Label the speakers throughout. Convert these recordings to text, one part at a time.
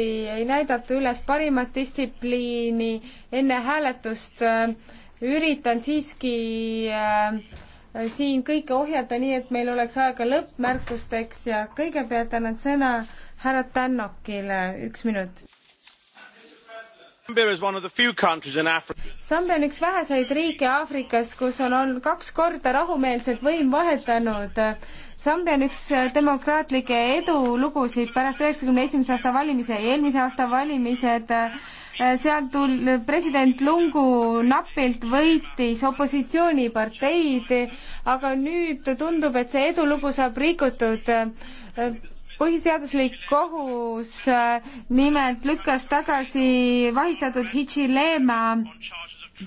Speaker 1: ei näidata üles parimat distsipliini enne hääletust, äh, üritan siiski äh, siin kõike ohjata, nii et meil oleks aega lõppmärkusteks ja kõigepealt annan sõna härra Tännokile, üks minut
Speaker 2: Zambia
Speaker 1: on üks väheseid riike Aafrikas, kus on, on kaks korda rahumeelset võim vahetanud. Zambia on üks demokraatlikke edulugusid pärast üheksakümne esimese aasta valimisi ja eelmise aasta valimised eh, seal tul-, president Lungu napilt võitis opositsiooniparteid, aga nüüd tundub, et see edulugu saab rikutud põhiseaduslik kohus äh, nimelt lükkas tagasi vahistatud Hichi Lema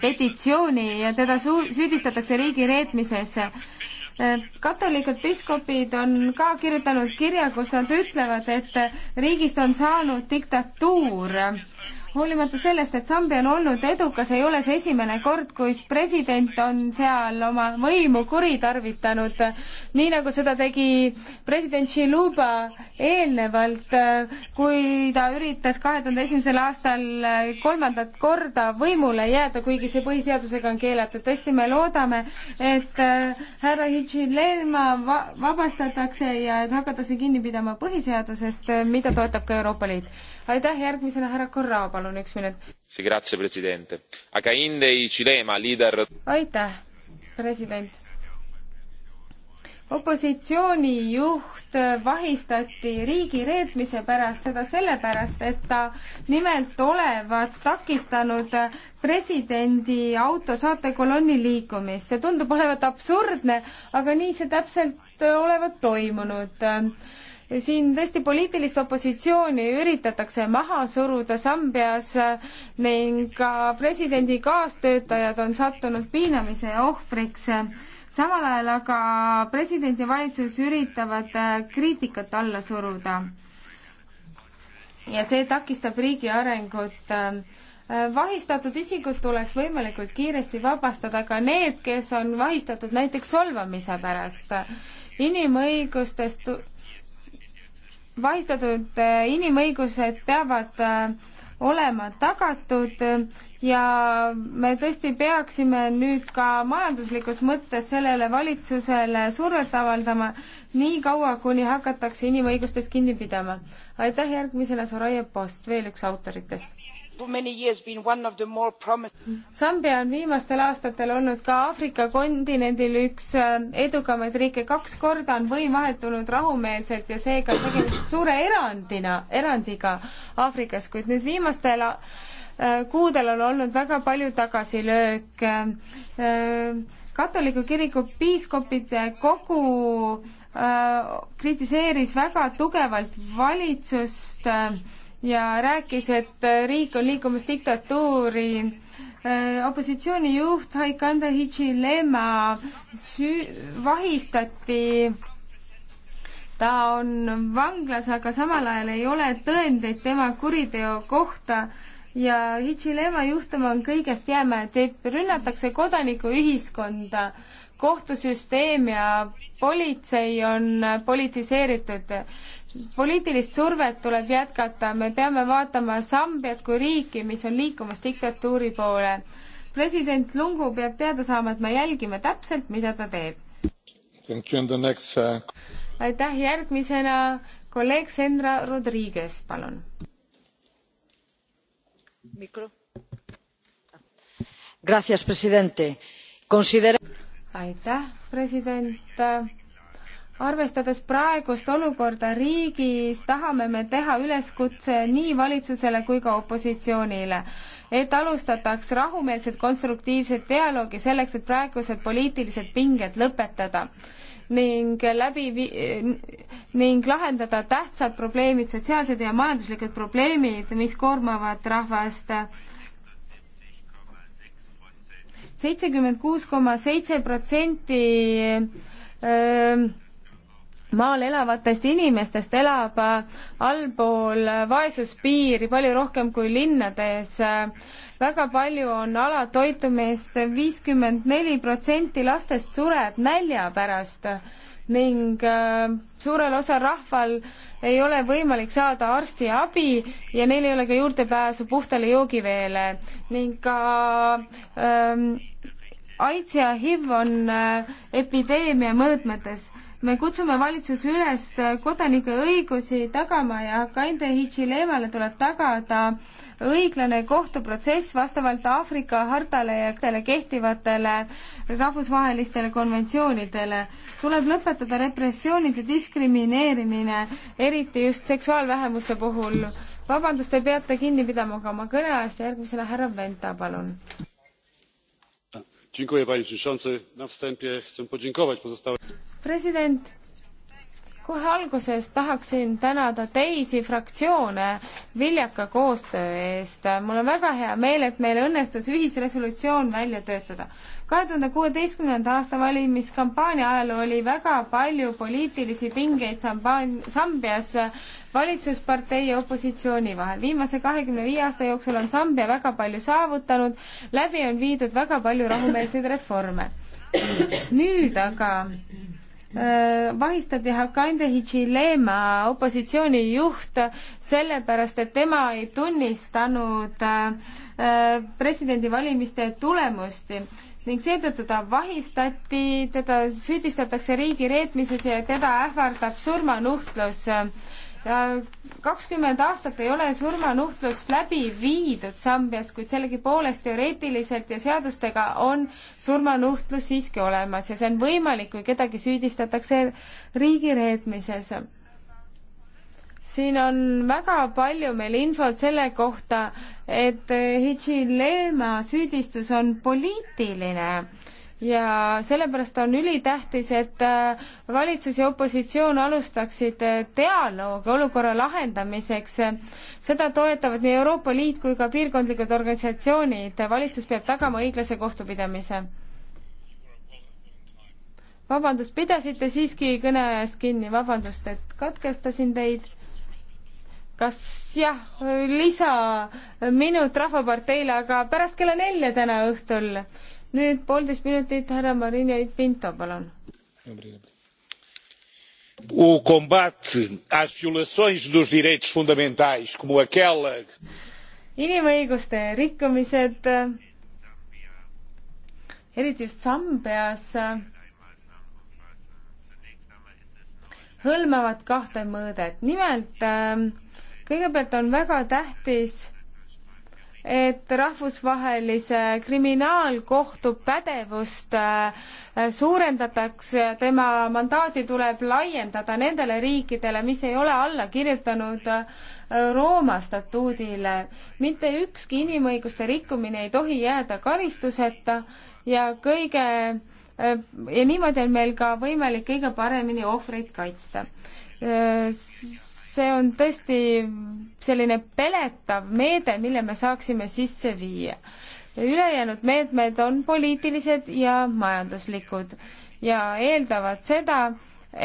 Speaker 1: petitsiooni ja teda süüdistatakse riigireetmises. Äh, katolikud piskopid on ka kirjutanud kirja, kus nad ütlevad, et riigist on saanud diktatuur hoolimata sellest, et Sambia on olnud edukas, ei ole see esimene kord, kus president on seal oma võimu kuritarvitanud, nii nagu seda tegi president Chiluba eelnevalt, kui ta üritas kahe tuhande esimesel aastal kolmandat korda võimule jääda, kuigi see põhiseadusega on keelatud. tõesti, me loodame, et äh, härra Hichilema va vabastatakse ja et hakatakse kinni pidama põhiseadusest, mida toetab ka Euroopa Liit. aitäh, järgmisena härra Korraa, palun! palun üks
Speaker 2: minut. E
Speaker 1: aitäh, president. opositsiooni juht vahistati riigireetmise pärast, seda sellepärast, et ta nimelt olevat takistanud presidendi auto saatekolonni liikumist. see tundub olevat absurdne, aga nii see täpselt olevat toimunud siin tõesti poliitilist opositsiooni üritatakse maha suruda Sambias ning ka presidendi kaastöötajad on sattunud piinamise ohvriks. samal ajal aga presidendi valitsus üritavad äh, kriitikat alla suruda. ja see takistab riigi arengut äh, vahistatud isikud tuleks võimalikult kiiresti vabastada ka need, kes on vahistatud näiteks solvamise pärast. inimõigustest vahistatud äh, inimõigused peavad äh, olema tagatud ja me tõesti peaksime nüüd ka majanduslikus mõttes sellele valitsusele survet avaldama nii kaua, kuni hakatakse inimõigustest kinni pidama. aitäh, järgmisena Soraya Post, veel üks autoritest. Sambia on viimastel aastatel olnud ka Aafrika kontinendil üks äh, edukamaid riike, kaks korda on võim vahetunud rahumeelselt ja seega tegemist suure erandina, erandiga Aafrikas, kuid nüüd viimastel äh, kuudel on olnud väga palju tagasilööke. Äh, katoliku kiriku piiskopide kogu kritiseeris väga tugevalt valitsust ja rääkis, et äh, riik on liikumas diktatuuri. Äh, opositsiooni juht Haikanda Hichilema süü-, vahistati ta on vanglas, aga samal ajal ei ole tõendeid tema kuriteo kohta ja Hichilema juhtum on kõigest jäämäe tipp, rünnatakse kodanikuühiskonda kohtusüsteem ja politsei on politiseeritud. poliitilist survet tuleb jätkata, me peame vaatama Sambiat kui riiki, mis on liikumas diktatuuri poole. president Lungu peab teada saama, et me jälgime täpselt, mida ta teeb.
Speaker 2: Next... Uh,
Speaker 1: aitäh, järgmisena kolleeg Sandra Rodriguez, palun. Gracias, presidente. Considera aitäh, president. arvestades praegust olukorda riigis, tahame me teha üleskutse nii valitsusele kui ka opositsioonile, et alustataks rahumeelset konstruktiivset dialoogi selleks, et praegused poliitilised pinged lõpetada ning läbi vi-, ning lahendada tähtsad probleemid, sotsiaalsed ja majanduslikud probleemid, mis koormavad rahvast seitsekümmend kuus koma seitse protsenti ähm, maal elavatest inimestest elab äh, allpool äh, vaesuspiiri palju rohkem kui linnades. väga palju on alatoitumist, viiskümmend neli protsenti lastest sureb nälja pärast ning äh, suurel osal rahval ei ole võimalik saada arstiabi ja neil ei ole ka juurdepääsu puhtale joogiveele ning ka ähm, AIDS ja HIV on äh, epideemia mõõtmetes. me kutsume valitsuse üles kodanike õigusi tagama ja Kainde Hichilevale tuleb tagada äh, õiglane kohtuprotsess vastavalt Aafrika hartale ja teile kehtivatele rahvusvahelistele konventsioonidele. tuleb lõpetada repressioonid ja diskrimineerimine, eriti just seksuaalvähemuste puhul. vabandust, te peate kinni pidama ka oma kõne ajast ja järgmisele härra Venta, palun. president kohe alguses tahaksin tänada teisi fraktsioone viljaka koostöö eest. mul on väga hea meel, et meil õnnestus ühisresolutsioon välja töötada. kahe tuhande kuueteistkümnenda aasta valimiskampaania ajal oli väga palju poliitilisi pingeid Sambias valitsuspartei ja opositsiooni vahel. viimase kahekümne viie aasta jooksul on Sambia väga palju saavutanud, läbi on viidud väga palju rahumeelseid reforme. nüüd aga Äh, vahistati Hakande Hichilema, opositsiooni juht, sellepärast et tema ei tunnistanud äh, presidendivalimiste tulemusti ning seetõttu ta vahistati, teda süüdistatakse riigireetmises ja teda ähvardab surmanuhtlus kakskümmend aastat ei ole surmanuhtlust läbi viidud Sambias, kuid sellegipoolest teoreetiliselt ja seadustega on surmanuhtlus siiski olemas ja see on võimalik, kui kedagi süüdistatakse riigireetmises siin on väga palju meil infot selle kohta, et Hichilema süüdistus on poliitiline ja sellepärast on ülitähtis, et äh, valitsus ja opositsioon alustaksid äh, dialoogi olukorra lahendamiseks. seda toetavad nii Euroopa Liit kui ka piirkondlikud organisatsioonid. valitsus peab tagama õiglase kohtupidamise. vabandust, pidasite siiski kõneajast kinni, vabandust, et katkestasin teid kas jah, lisaminut Rahvaparteile, aga pärast kella nelja täna õhtul nüüd poolteist minutit, härra Marina Pinto, palun. O combate às violações dos direitos fundamentais, como aquela. inimõiguste rikkumised, eriti just Sambias, hõlmavad kahte mõõdet. nimelt kõigepealt on väga tähtis et rahvusvahelise kriminaalkohtu pädevust äh, suurendatakse, tema mandaati tuleb laiendada nendele riikidele, mis ei ole alla kirjutanud äh, Rooma statuudile. mitte ükski inimõiguste rikkumine ei tohi jääda karistuseta ja kõige äh, ja niimoodi on meil ka võimalik kõige paremini ohvreid kaitsta see on tõesti selline peletav meede, mille me saaksime sisse viia. ülejäänud meetmed on poliitilised ja majanduslikud ja eeldavad seda,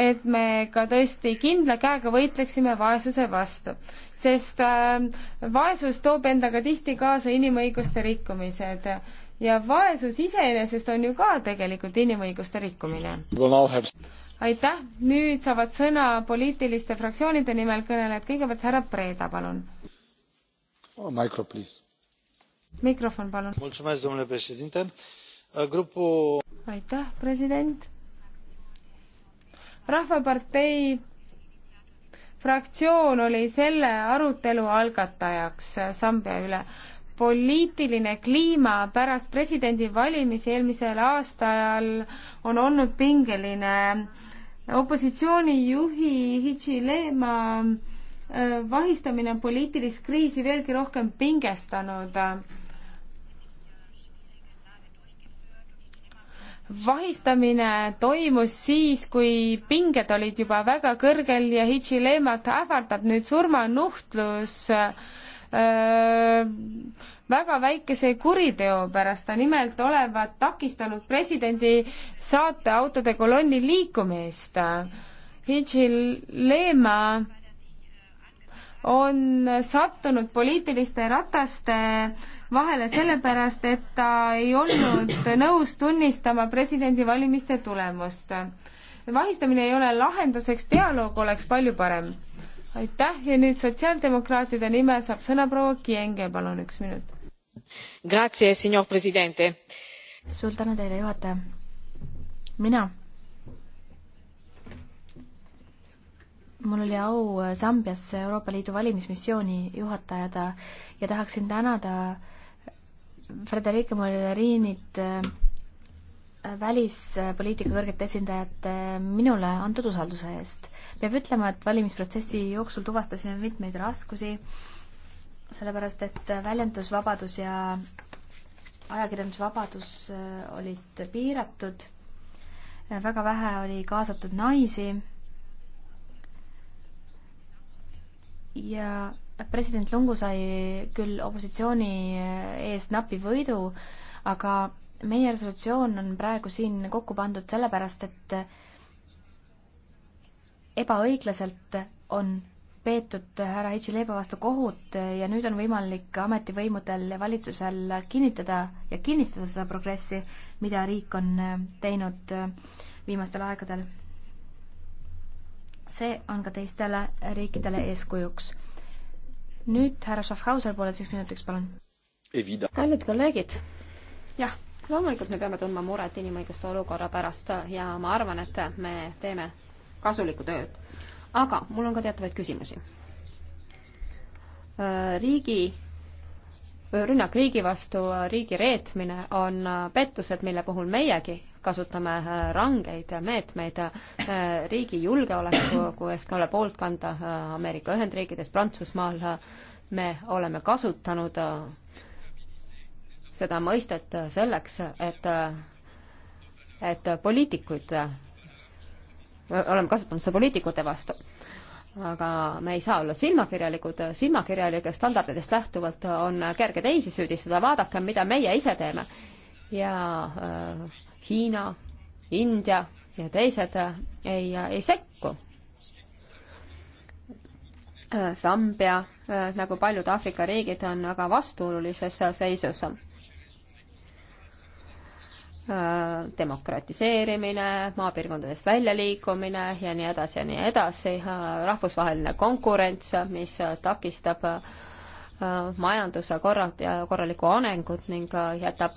Speaker 1: et me ka tõesti kindla käega võitleksime vaesuse vastu, sest äh, vaesus toob endaga tihti kaasa inimõiguste rikkumised ja vaesus iseenesest on ju ka tegelikult inimõiguste rikkumine aitäh, nüüd saavad sõna poliitiliste fraktsioonide nimel kõnelejad, kõigepealt härra Preeda, palun oh,. mikrofon, palun. Grupu... aitäh, president. rahvapartei fraktsioon oli selle arutelu algatajaks Sambia üle. poliitiline kliima pärast presidendivalimisi eelmisel aastal on olnud pingeline opositsioonijuhi Hichi Lema äh, vahistamine on poliitilist kriisi veelgi rohkem pingestanud. vahistamine toimus siis, kui pinged olid juba väga kõrgel ja Hichi Lemat ähvardab nüüd surmanuhtlus öö, äh, väga väikese kuriteo pärast. ta nimelt olevat takistanud presidendi saateautode kolonni liikumist. Hichilema on sattunud poliitiliste rataste vahele sellepärast, et ta ei olnud nõus tunnistama presidendivalimiste tulemust. vahistamine ei ole lahenduseks, dialoog oleks palju parem. aitäh ja nüüd sotsiaaldemokraatide nimel saab sõna proua Kienge, palun üks minut signor presidente
Speaker 3: suur tänu teile juhataja mina mul oli au Sambias äh, Euroopa Liidu valimismissiooni juhatajada ja tahaksin tänada äh, Frederica Mogherinit äh, välispoliitika kõrget esindajat minule antud usalduse eest. peab ütlema, et valimisprotsessi jooksul tuvastasime mitmeid raskusi äh, sellepärast et väljendusvabadus ja ajakirjandusvabadus äh, olid piiratud, väga vähe oli kaasatud naisi ja president Lungu sai küll opositsiooni äh, ees napi võidu, aga meie resolutsioon on praegu siin kokku pandud sellepärast, et ebaõiglaselt on peetud härra Hitchileba vastu kohut ja nüüd on võimalik ametivõimudel ja valitsusel kinnitada ja kinnistada seda progressi, mida riik on äh, teinud äh, viimastel aegadel. see on ka teistele riikidele eeskujuks. nüüd härra Schaffhauser pooleteiseks minutiks, palun.
Speaker 2: kallid kolleegid, jah loomulikult me peame tundma muret inimõiguste olukorra pärast ja ma arvan, et me teeme kasulikku tööd aga mul on ka teatavaid küsimusi. Äh, riigi, äh, rünnak riigi vastu, äh, riigi reetmine on pettused, mille puhul meiegi kasutame rangeid meetmeid riigi julgeoleku, kui eest ka ole poolt kanda Ameerika Ühendriikides, Prantsusmaal, me oleme kasutanud seda mõistet selleks, et, et poliitikuid oleme kasutanud seda poliitikute vastu. aga me ei saa olla silmakirjalikud, silmakirjalike standarditest lähtuvalt on kerge teisi süüdistada, vaadake, mida meie ise teeme. ja äh, Hiina, India ja teised äh, ei äh,, ei sekku äh, Sambia, äh, nagu paljud Aafrika riigid, on väga vastuolulises seisus. Äh, demokratiseerimine, maapiirkondadest väljaliikumine ja nii edasi ja nii edasi, äh, rahvusvaheline konkurents, mis äh, takistab majanduse korra-, korralikku arengut ning jätab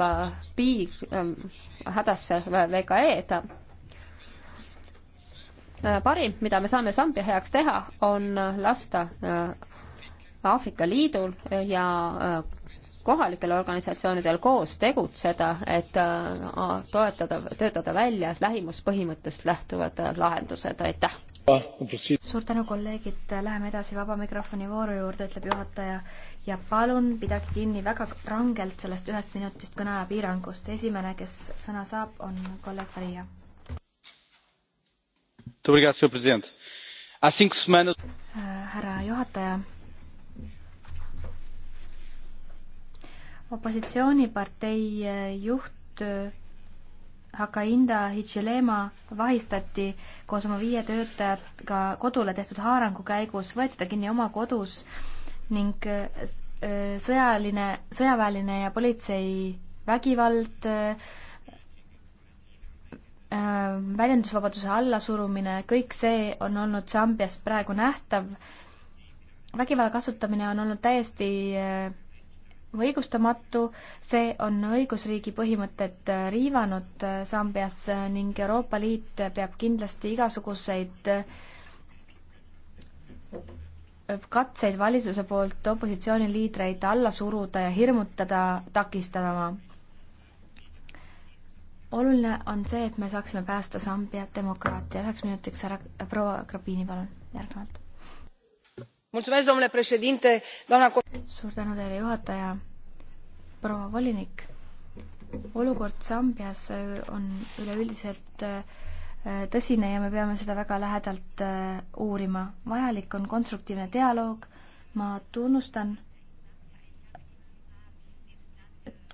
Speaker 2: piir ähm,, hädasse VKE-d. parim, mida me saame Sambia heaks teha, on lasta Aafrika Liidul ja kohalikel organisatsioonidel koos tegutseda, et äh, toetada, töötada välja lähimuspõhimõttest lähtuvad äh, lahendused, aitäh! suur tänu, kolleegid, läheme edasi vaba mikrofoni vooru juurde, ütleb juhataja
Speaker 3: ja palun pidage kinni väga rangelt sellest ühest minutist kõneaja piirangust. esimene, kes sõna saab, on kolleeg Faria. Äh, härra juhataja opositsioonipartei eh, juht eh, Hakainda Hichilema vahistati koos oma viie töötajaga kodule tehtud haarangu käigus, võeti ta kinni oma kodus ning eh, sõjaline, sõjaväeline ja politsei vägivald, väljendusvabaduse allasurumine, kõik see on olnud Sambias praegu nähtav. vägivalla kasutamine on olnud täiesti või õigustamatu, see on õigusriigi põhimõtet riivanud Sambias ning Euroopa Liit peab kindlasti igasuguseid katseid valitsuse poolt opositsiooniliidreid alla suruda ja hirmutada takistama. oluline on see, et me saaksime päästa Sambia demokraatia. üheks minutiks ära, proua Grabini, palun, järgnevalt
Speaker 1: domnule președinte
Speaker 3: doamnă suur tänu teile juhataja proua volinik olukord Zambias äh, on üleüldiselt äh, tõsine ja me peame seda väga lähedalt äh, uurima vajalik on konstruktiivne dialoog ma tunnustan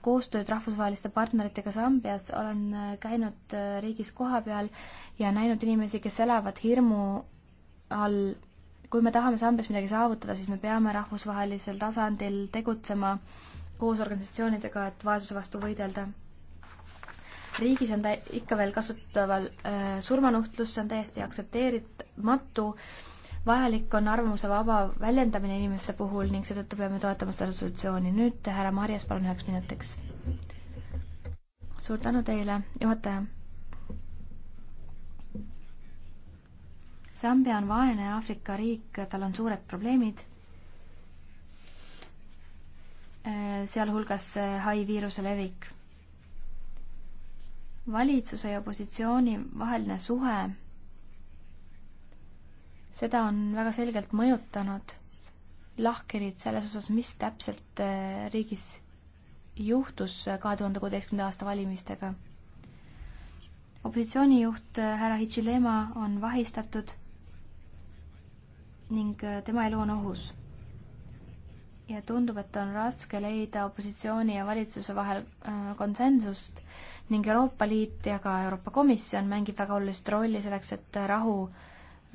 Speaker 3: koostööd rahvusvaheliste partneritega Sambias, olen käinud riigis kohapeal ja näinud inimesi, kes elavad hirmu all kui me tahame sambas midagi saavutada, siis me peame rahvusvahelisel tasandil tegutsema koos organisatsioonidega, et vaesuse vastu võidelda. riigis on ta ikka veel kasutataval äh, surmanuhtlus, see on täiesti aktsepteeritamatu. vajalik on arvamuse vaba väljendamine inimeste puhul ning seetõttu peame toetama seda resolutsiooni. nüüd härra Marjas, palun üheks minutiks. suur tänu teile, juhataja Sambia on vaene Aafrika riik, tal on suured probleemid, eh, sealhulgas hai viiruse levik. valitsuse ja opositsiooni vaheline suhe, seda on väga selgelt mõjutanud lahkhelid selles osas, mis täpselt eh, riigis juhtus eh, kahe tuhande kuueteistkümnenda aasta valimistega. opositsioonijuht härra Hichilema on vahistatud ning äh, tema elu on ohus. ja tundub, et on raske leida opositsiooni ja valitsuse vahel äh, konsensust ning Euroopa Liit ja ka Euroopa Komisjon mängib väga olulist rolli selleks, et äh, rahu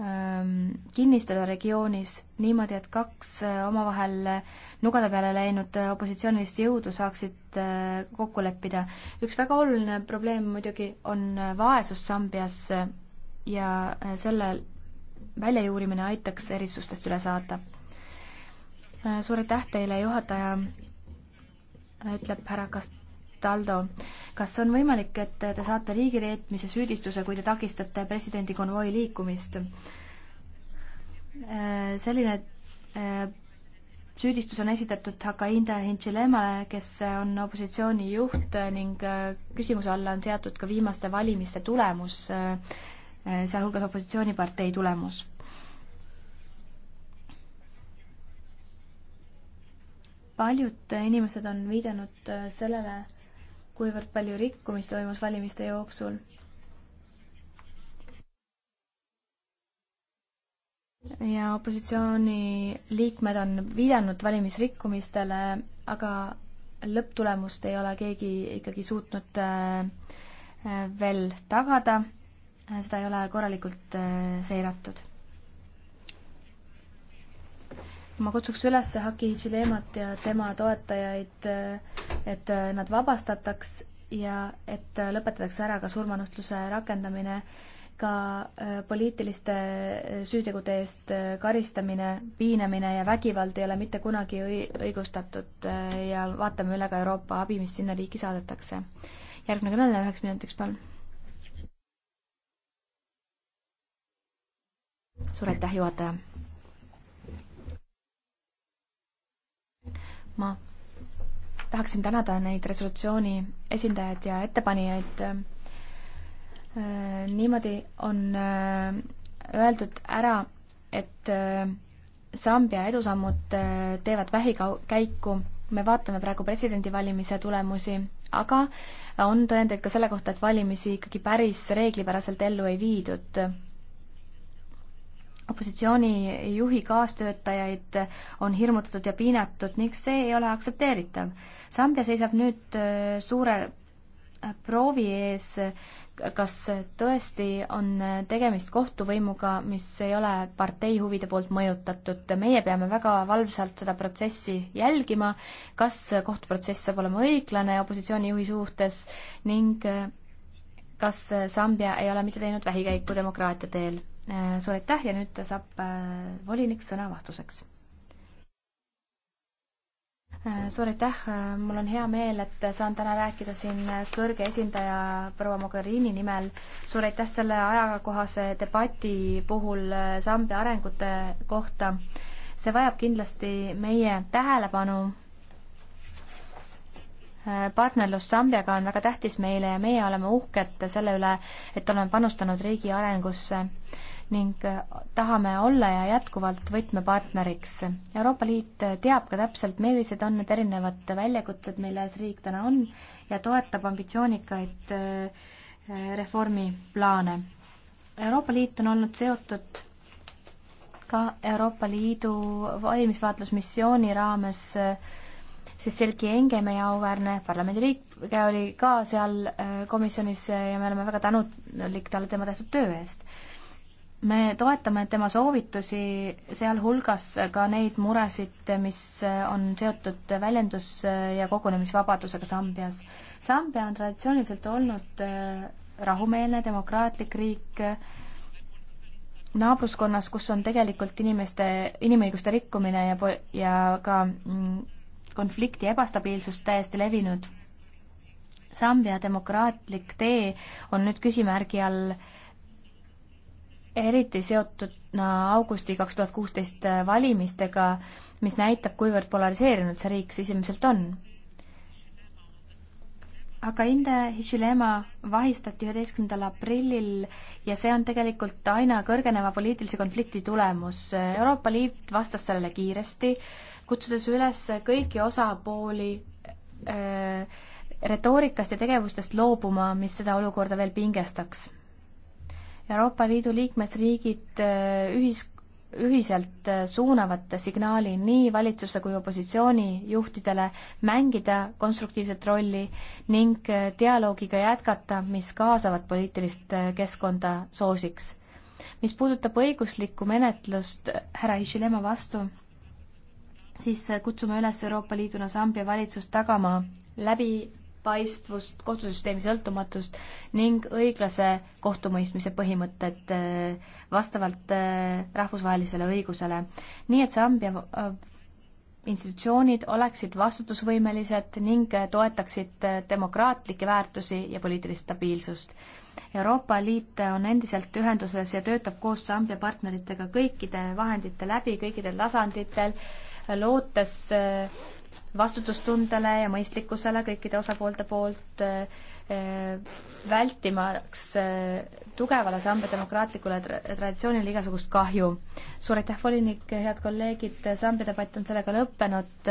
Speaker 3: ähm, kinnistada regioonis niimoodi, et kaks omavahel nugade peale läinud opositsioonilist jõudu saaksid kokku leppida. üks väga oluline probleem muidugi on vaesus Sambias ja selle väljajuurimine aitaks erisustest üle saada. Äh, suur aitäh teile, juhataja, ütleb härra Castaldo. kas on võimalik, et te saate riigireetmise süüdistuse, kui te takistate presidendi konvoi liikumist? Äh, selline äh, süüdistus on esitatud Hakainde Hinshilemale, kes on opositsiooni juht ning küsimuse alla on seatud ka viimaste valimiste tulemus Eh, sealhulgas opositsioonipartei tulemus. paljud inimesed on viidanud eh, sellele, kuivõrd palju rikkumisi toimus valimiste jooksul. ja opositsiooni liikmed on viidanud valimisrikkumistele, aga lõpptulemust ei ole keegi ikkagi suutnud eh, veel tagada Äh, seda ei ole korralikult äh, seiratud. ma kutsuks üles Haki Tšilemat ja tema toetajaid, äh, et nad vabastataks ja et lõpetatakse ära ka surmanuhtluse rakendamine, ka poliitiliste süütegude eest karistamine, piinamine ja vägivald ei ole mitte kunagi õigustatud ja vaatame üle ka Euroopa abi, mis sinna riiki saadetakse. järgmine kõneleja üheks minutiks, palun suur aitäh, juhataja. ma tahaksin tänada neid resolutsiooni esindajaid ja ettepanijaid. Äh, niimoodi on äh, öeldud ära, et Sambia äh, edusammud teevad vähikäiku, me vaatame praegu presidendivalimise tulemusi, aga on tõendeid ka selle kohta, et valimisi ikkagi päris reeglipäraselt ellu ei viidud opositsiooni juhi kaastöötajaid on hirmutatud ja piinatud ning see ei ole aktsepteeritav. Sambia seisab nüüd äh, suure äh, proovi ees, kas tõesti on äh, tegemist kohtuvõimuga, mis ei ole partei huvide poolt mõjutatud. meie peame väga valvsalt seda protsessi jälgima, kas kohtuprotsess saab olema õiglane opositsioonijuhi suhtes ning kas Sambia ei ole mitte teinud vähikäiku demokraatia teel Äh, suur aitäh ja nüüd saab äh, volinik sõna vastuseks. Äh, suur aitäh, mul on hea meel, et saan täna rääkida siin kõrge esindaja proua Mogherini nimel. suur aitäh selle ajakohase debati puhul Sambia arengute kohta. see vajab kindlasti meie tähelepanu. partnerlus Sambiaga on väga tähtis meile ja meie oleme uhked selle üle, et oleme panustanud riigi arengusse ning äh, tahame olla ja jätkuvalt võtmepartneriks. Euroopa Liit teab ka täpselt, millised on need erinevad väljakutsed, milles riik täna on ja toetab ambitsioonikaid äh, reformiplaane. Euroopa Liit on olnud seotud ka Euroopa Liidu valimisvaatlusmissiooni raames äh, siis Selki Enge, meie auväärne parlamendiliige, oli ka seal komisjonis ja me oleme väga tänulik talle tema tehtud töö eest me toetame tema soovitusi, sealhulgas ka neid muresid, mis on seotud väljendus- ja kogunemisvabadusega Sambias. Sambia on traditsiooniliselt olnud äh, rahumeelne demokraatlik riik äh, naabruskonnas, kus on tegelikult inimeste, inimõiguste rikkumine ja, ja ka mm, konflikti ebastabiilsus täiesti levinud. Sambia demokraatlik tee on nüüd küsimärgi all äh, eriti seotuna augusti kaks tuhat kuusteist äh, valimistega, mis näitab, kuivõrd polariseerunud see riik sisemiselt on. aga Inde Hichilema vahistati üheteistkümnendal aprillil ja see on tegelikult aina kõrgeneva poliitilise konflikti tulemus. Euroopa Liit vastas sellele kiiresti, kutsudes üles kõiki osapooli öö, äh, retoorikast ja tegevustest loobuma, mis seda olukorda veel pingestaks Euroopa Liidu liikmesriigid äh, ühis, ühiselt äh, suunavad signaali nii valitsuse kui opositsiooni juhtidele mängida konstruktiivset rolli ning äh, dialoogiga jätkata, mis kaasavat poliitilist keskkonda soosiks. mis puudutab õiguslikku menetlust härra Hichilema vastu, siis kutsume üles Euroopa Liiduna Sambia valitsust tagama läbi läbipaistvust, kohtusüsteemi sõltumatust ning õiglase kohtumõistmise põhimõtet äh, vastavalt äh, rahvusvahelisele õigusele. nii et Sambia äh, institutsioonid oleksid vastutusvõimelised ning toetaksid demokraatlikke väärtusi ja poliitilist stabiilsust. Euroopa Liit on endiselt ühenduses ja töötab koos Sambia partneritega kõikide vahendite läbi, kõikidel tasanditel, lootes vastutustundele ja mõistlikkusele kõikide osapoolte poolt eh, eh, vältimaks eh, tugevale Sambia demokraatlikule traditsioonile igasugust kahju. suur aitäh, volinik, head kolleegid, Sambia debatt on sellega lõppenud.